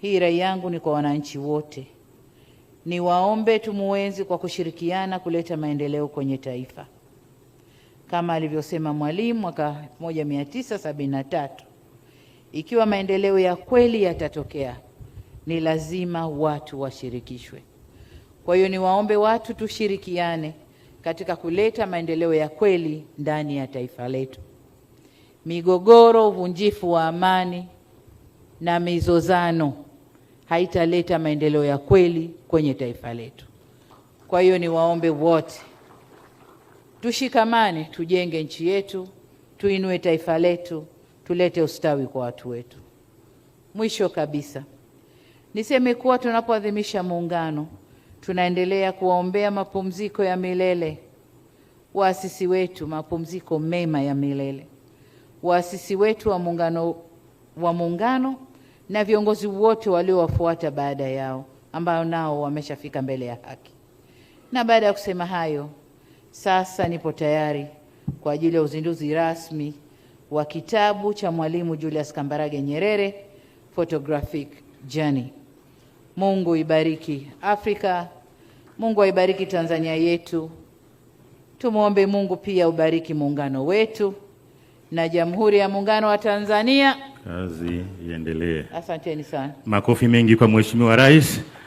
Hii rai yangu ni kwa wananchi wote, niwaombe tumuenzi kwa kushirikiana kuleta maendeleo kwenye taifa. Kama alivyosema Mwalimu mwaka 1973, ikiwa maendeleo ya kweli yatatokea ni lazima watu washirikishwe. Kwa hiyo niwaombe watu tushirikiane katika kuleta maendeleo ya kweli ndani ya taifa letu. Migogoro, uvunjifu wa amani na mizozano haitaleta maendeleo ya kweli kwenye taifa letu. Kwa hiyo niwaombe wote tushikamane, tujenge nchi yetu, tuinue taifa letu, tulete ustawi kwa watu wetu. Mwisho kabisa, niseme kuwa tunapoadhimisha Muungano, tunaendelea kuwaombea mapumziko ya milele waasisi wetu, mapumziko mema ya milele waasisi wetu wa Muungano wa Muungano na viongozi wote waliowafuata baada yao ambao nao wameshafika mbele ya haki. Na baada ya kusema hayo, sasa nipo tayari kwa ajili ya uzinduzi rasmi wa kitabu cha Mwalimu Julius Kambarage Nyerere Photographic Journey. Mungu ibariki Afrika, Mungu aibariki Tanzania yetu. Tumwombe Mungu pia ubariki muungano wetu na Jamhuri ya Muungano wa Tanzania. Kazi iendelee. Asanteni sana. Makofi mengi kwa Mheshimiwa Rais.